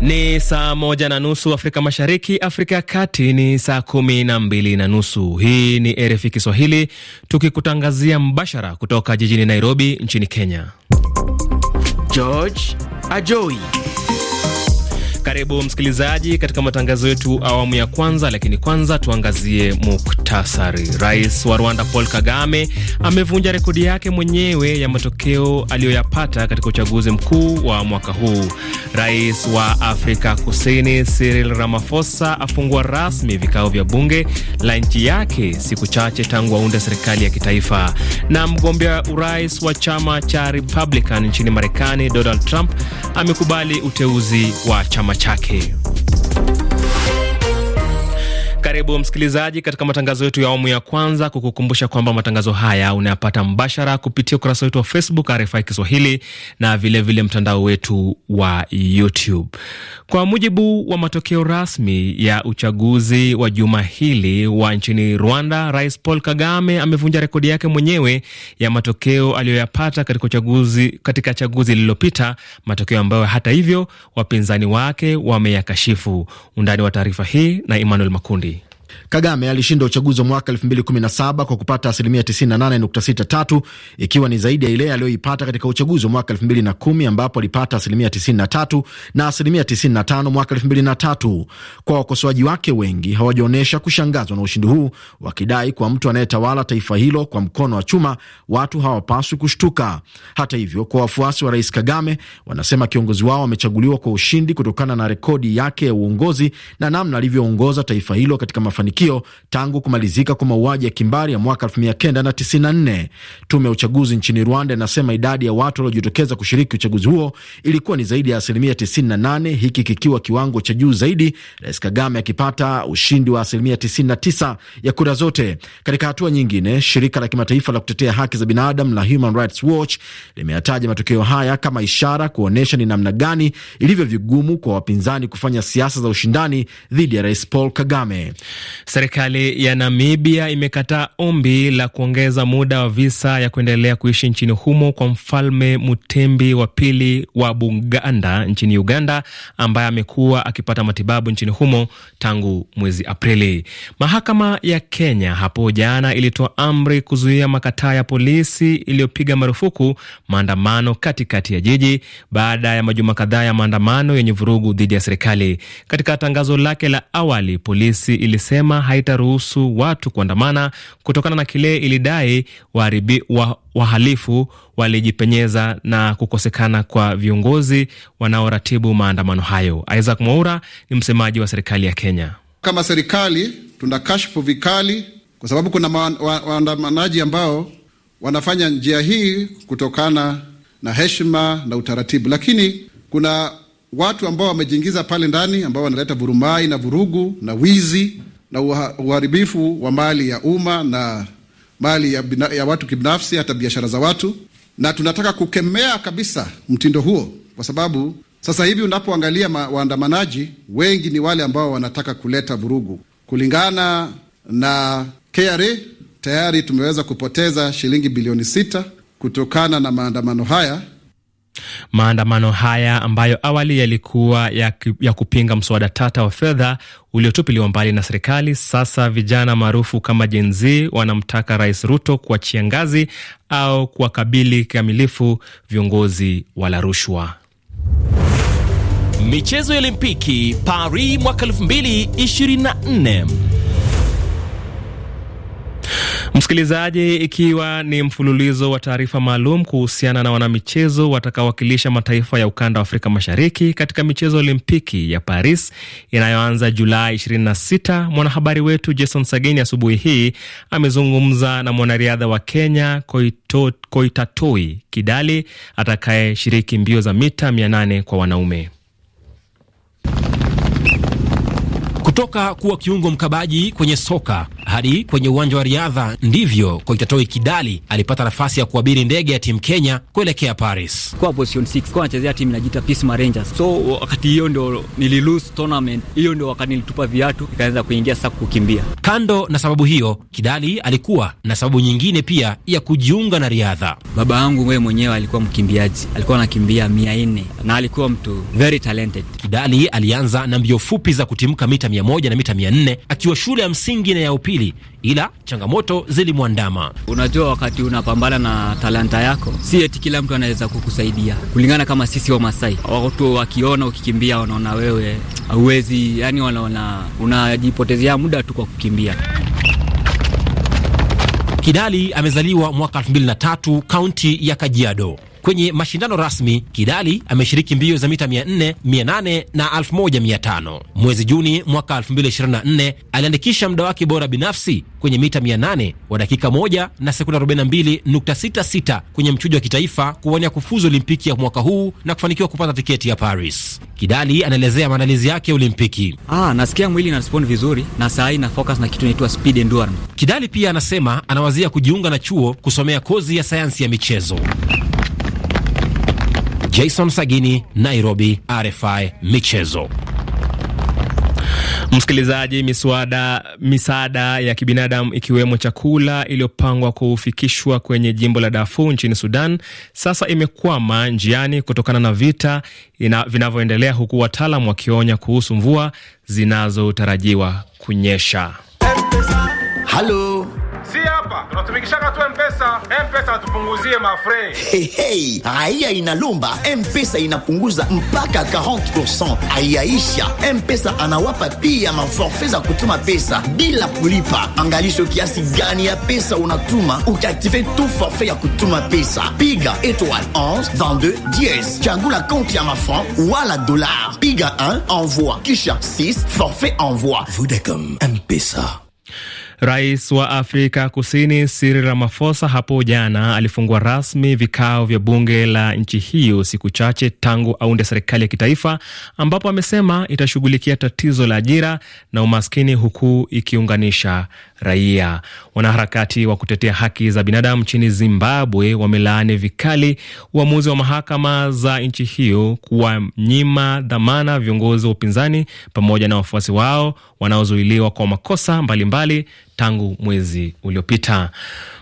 Ni saa moja na nusu Afrika Mashariki, Afrika ya Kati ni saa kumi na mbili na nusu. Hii ni RFI Kiswahili tukikutangazia mbashara kutoka jijini Nairobi nchini Kenya. George Ajoi. Karibu msikilizaji katika matangazo yetu awamu ya kwanza, lakini kwanza tuangazie muktasari. Rais wa Rwanda Paul Kagame amevunja rekodi yake mwenyewe ya matokeo aliyoyapata katika uchaguzi mkuu wa mwaka huu. Rais wa Afrika Kusini Cyril Ramaphosa afungua rasmi vikao vya bunge la nchi yake siku chache tangu aunde serikali ya kitaifa. Na mgombea urais wa chama cha Republican nchini Marekani Donald Trump amekubali uteuzi wa chama chake. Karibu msikilizaji katika matangazo yetu ya awamu ya kwanza, kukukumbusha kwamba matangazo haya unayapata mbashara kupitia ukurasa wetu wa Facebook RFI Kiswahili na vilevile mtandao wetu wa YouTube. Kwa mujibu wa matokeo rasmi ya uchaguzi wa juma hili wa nchini Rwanda, Rais Paul Kagame amevunja rekodi yake mwenyewe ya matokeo aliyoyapata katika uchaguzi, katika chaguzi lililopita, matokeo ambayo hata hivyo wapinzani wake wameyakashifu. Undani wa taarifa hii na Emmanuel Makundi. Kagame alishinda uchaguzi wa mwaka 2017 kwa kupata asilimia 98.63 ikiwa ni zaidi ya ile aliyoipata katika uchaguzi wa mwaka 2010 ambapo alipata asilimia 93 na asilimia 95 mwaka 2003. Kwa wakosoaji wake, wengi hawajaonyesha kushangazwa na ushindi huu, wakidai kwa mtu anayetawala taifa hilo kwa mkono wa chuma watu hawapaswi kushtuka. Hata hivyo, kwa wafuasi wa rais Kagame wanasema kiongozi wao amechaguliwa kwa ushindi kutokana na rekodi yake ya uongozi na namna alivyoongoza taifa hilo katika mafanikio matukio tangu kumalizika kwa mauaji ya kimbari ya mwaka 1994. Tume ya uchaguzi nchini Rwanda inasema idadi ya watu waliojitokeza kushiriki uchaguzi huo ilikuwa ni zaidi ya asilimia 98, hiki kikiwa kiwango cha juu zaidi, Rais Kagame akipata ushindi wa asilimia 99 ya kura zote. Katika hatua nyingine, shirika la kimataifa la kutetea haki za binadamu la Human Rights Watch limeyataja matokeo haya kama ishara kuonyesha ni namna gani ilivyo vigumu kwa wapinzani kufanya siasa za ushindani dhidi ya Rais Paul Kagame. Serikali ya Namibia imekataa ombi la kuongeza muda wa visa ya kuendelea kuishi nchini humo kwa Mfalme Mutembi wa pili wa Buganda nchini Uganda, ambaye amekuwa akipata matibabu nchini humo tangu mwezi Aprili. Mahakama ya Kenya hapo jana ilitoa amri kuzuia makataa ya polisi iliyopiga marufuku maandamano katikati ya jiji baada ya majuma kadhaa ya maandamano yenye vurugu dhidi ya serikali. Katika tangazo lake la awali, polisi ilisema haitaruhusu watu kuandamana kutokana na kile ilidai waharibi, wa, wahalifu walijipenyeza na kukosekana kwa viongozi wanaoratibu maandamano hayo. Isaac Mwaura ni msemaji wa serikali ya Kenya. Kama serikali tuna kashfu vikali, kwa sababu kuna waandamanaji ambao wanafanya njia hii kutokana na heshima na utaratibu, lakini kuna watu ambao wamejiingiza pale ndani ambao wanaleta vurumai na vurugu na wizi na uharibifu wa mali ya umma na mali ya, bina, ya watu kibinafsi, hata biashara za watu, na tunataka kukemea kabisa mtindo huo, kwa sababu sasa hivi unapoangalia waandamanaji wengi ni wale ambao wanataka kuleta vurugu. Kulingana na KRA, tayari tumeweza kupoteza shilingi bilioni sita kutokana na maandamano haya. Maandamano haya ambayo awali yalikuwa ya, ya kupinga mswada tata wa fedha uliotupiliwa mbali na serikali, sasa vijana maarufu kama Gen Z wanamtaka Rais Ruto kuachia ngazi au kuwakabili kikamilifu viongozi wala rushwa. Michezo ya Olimpiki Paris mwaka 2024 Msikilizaji, ikiwa ni mfululizo wa taarifa maalum kuhusiana na wanamichezo watakaowakilisha mataifa ya ukanda wa Afrika Mashariki katika michezo Olimpiki ya Paris inayoanza Julai 26, mwanahabari wetu Jason Sageni asubuhi hii amezungumza na mwanariadha wa Kenya Koito, Koitatoi Kidali atakayeshiriki mbio za mita 800 kwa wanaume. Kutoka kuwa kiungo mkabaji kwenye soka hadi kwenye uwanja wa riadha, ndivyo Koitatoi Kidali alipata nafasi ya kuabiri ndege ya timu Kenya kuelekea Paris. Kwa position 6 kwa anachezea timu inajiita Pisma Rangers. So wakati hiyo ndo nililose tournament hiyo, ndo wakanilitupa viatu ikaanza kuingia sasa kukimbia. Kando na sababu hiyo, Kidali alikuwa na sababu nyingine pia ya kujiunga na riadha. Baba yangu wewe mwenyewe alikuwa mkimbiaji, alikuwa anakimbia 400 na alikuwa mtu very talented. Kidali alianza na mbio fupi za kutimka mita mia mia moja na mita mia nne akiwa shule ya msingi na ya upili, ila changamoto zilimwandama. Unajua, wakati unapambana na talanta yako, si eti kila mtu anaweza kukusaidia kulingana. Kama sisi Wamasai, watu wakiona ukikimbia, wanaona wewe hauwezi, yani wanaona unajipotezea muda tu kwa kukimbia. Kidali amezaliwa mwaka 2003 kaunti ya Kajiado. Kwenye mashindano rasmi, Kidali ameshiriki mbio za mita 400, 800 na 1500. Mwezi Juni mwaka 2024 aliandikisha muda wake bora binafsi kwenye mita 800 wa dakika 1 na sekunde 42.66 kwenye mchujo wa kitaifa kuwania kufuzu Olimpiki ya mwaka huu na kufanikiwa kupata tiketi ya Paris. Kidali anaelezea maandalizi yake ya Olimpiki. Ah, nasikia mwili na respond vizuri na saa hii na focus na kitu inaitwa speed endurance. Kidali pia anasema anawazia kujiunga na chuo kusomea kozi ya sayansi ya michezo. Jason Sagini, Nairobi, RFI Michezo. Msikilizaji, miswada misaada ya kibinadamu ikiwemo chakula iliyopangwa kufikishwa kwenye jimbo la Darfur nchini Sudan sasa imekwama njiani kutokana na vita vinavyoendelea, huku wataalam wakionya kuhusu mvua zinazotarajiwa kunyesha. Halo. tunatumikishaka tu mpesa mpesa natupunguzie mafre hey, hey. aia inalumba mpesa inapunguza mpaka 40% aiyaisha mpesa anawapa pia maforfe za kutuma pesa bila kulipa. Angalisho kiasi gani ya pesa unatuma ukiaktive tu forfe ya kutuma pesa, piga étoile 11 22 10 chagula konti ya mafran wala dolar, piga 1 envoi kisha 6 forfait envoi. Vodacom mpesa Rais wa Afrika Kusini Cyril Ramaphosa hapo jana alifungua rasmi vikao vya bunge la nchi hiyo siku chache tangu aunde serikali ya kitaifa, ambapo amesema itashughulikia tatizo la ajira na umaskini huku ikiunganisha raia. Wanaharakati wa kutetea haki za binadamu nchini Zimbabwe wamelaani vikali uamuzi wa mahakama za nchi hiyo kuwanyima dhamana viongozi wa upinzani pamoja na wafuasi wao wanaozuiliwa kwa makosa mbalimbali mbali tangu mwezi uliopita.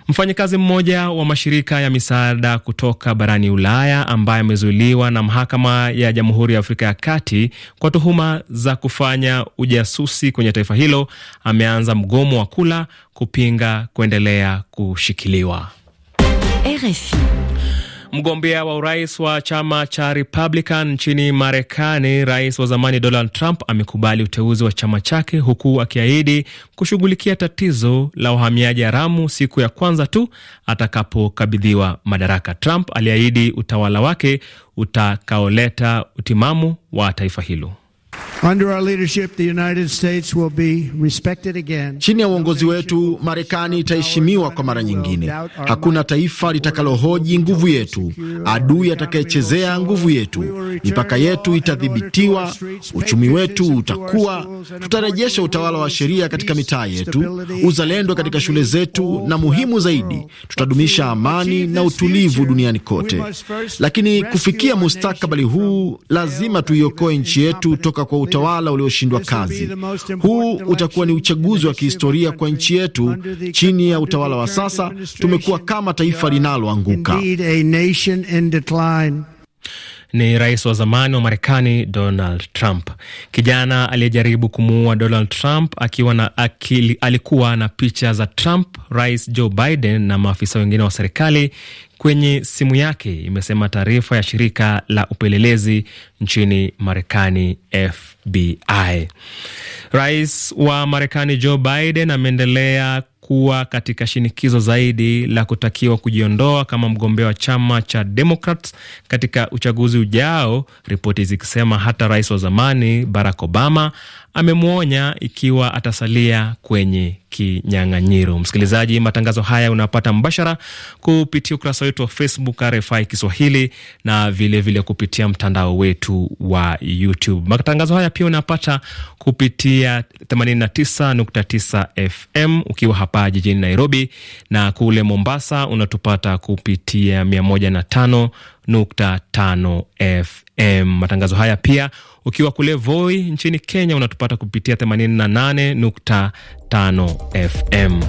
Mfanyakazi mmoja wa mashirika ya misaada kutoka barani Ulaya ambaye amezuiliwa na mahakama ya Jamhuri ya Afrika ya Kati kwa tuhuma za kufanya ujasusi kwenye taifa hilo ameanza mgomo wa kula kupinga kuendelea kushikiliwa RFI. Mgombea wa urais wa chama cha Republican nchini Marekani, rais wa zamani Donald Trump amekubali uteuzi wa chama chake huku akiahidi kushughulikia tatizo la wahamiaji haramu siku ya kwanza tu atakapokabidhiwa madaraka. Trump aliahidi utawala wake utakaoleta utimamu wa taifa hilo. Under our leadership, the United States will be respected again. Chini ya uongozi wetu Marekani itaheshimiwa kwa mara nyingine. Hakuna taifa litakalohoji nguvu yetu, adui atakayechezea nguvu yetu. Mipaka yetu itadhibitiwa, uchumi wetu utakuwa, tutarejesha utawala wa sheria katika mitaa yetu, uzalendo katika shule zetu, na muhimu zaidi, tutadumisha amani na utulivu duniani kote. Lakini kufikia mustakabali huu, lazima tuiokoe nchi yetu toka kwa utawala ulioshindwa kazi. Huu utakuwa ni uchaguzi wa kihistoria kwa nchi yetu. Chini ya utawala wa sasa tumekuwa kama taifa linaloanguka ni rais wa zamani wa Marekani Donald Trump. Kijana aliyejaribu kumuua Donald Trump akiwa na akili, alikuwa na picha za Trump, rais Joe Biden na maafisa wengine wa serikali kwenye simu yake, imesema taarifa ya shirika la upelelezi nchini Marekani, FBI. Rais wa Marekani Joe Biden ameendelea kuwa katika shinikizo zaidi la kutakiwa kujiondoa kama mgombea wa chama cha Democrats katika uchaguzi ujao, ripoti zikisema hata rais wa zamani Barack Obama amemwonya ikiwa atasalia kwenye kinyang'anyiro. Msikilizaji, matangazo haya unapata mbashara kupitia ukurasa wetu wa Facebook RFI Kiswahili na vilevile vile kupitia mtandao wetu wa YouTube. Matangazo haya pia unapata kupitia 89.9 FM ukiwa hapa jijini Nairobi, na kule Mombasa unatupata kupitia 105 90.5 FM. Matangazo haya pia ukiwa kule Voi nchini Kenya unatupata kupitia 88.5 FM.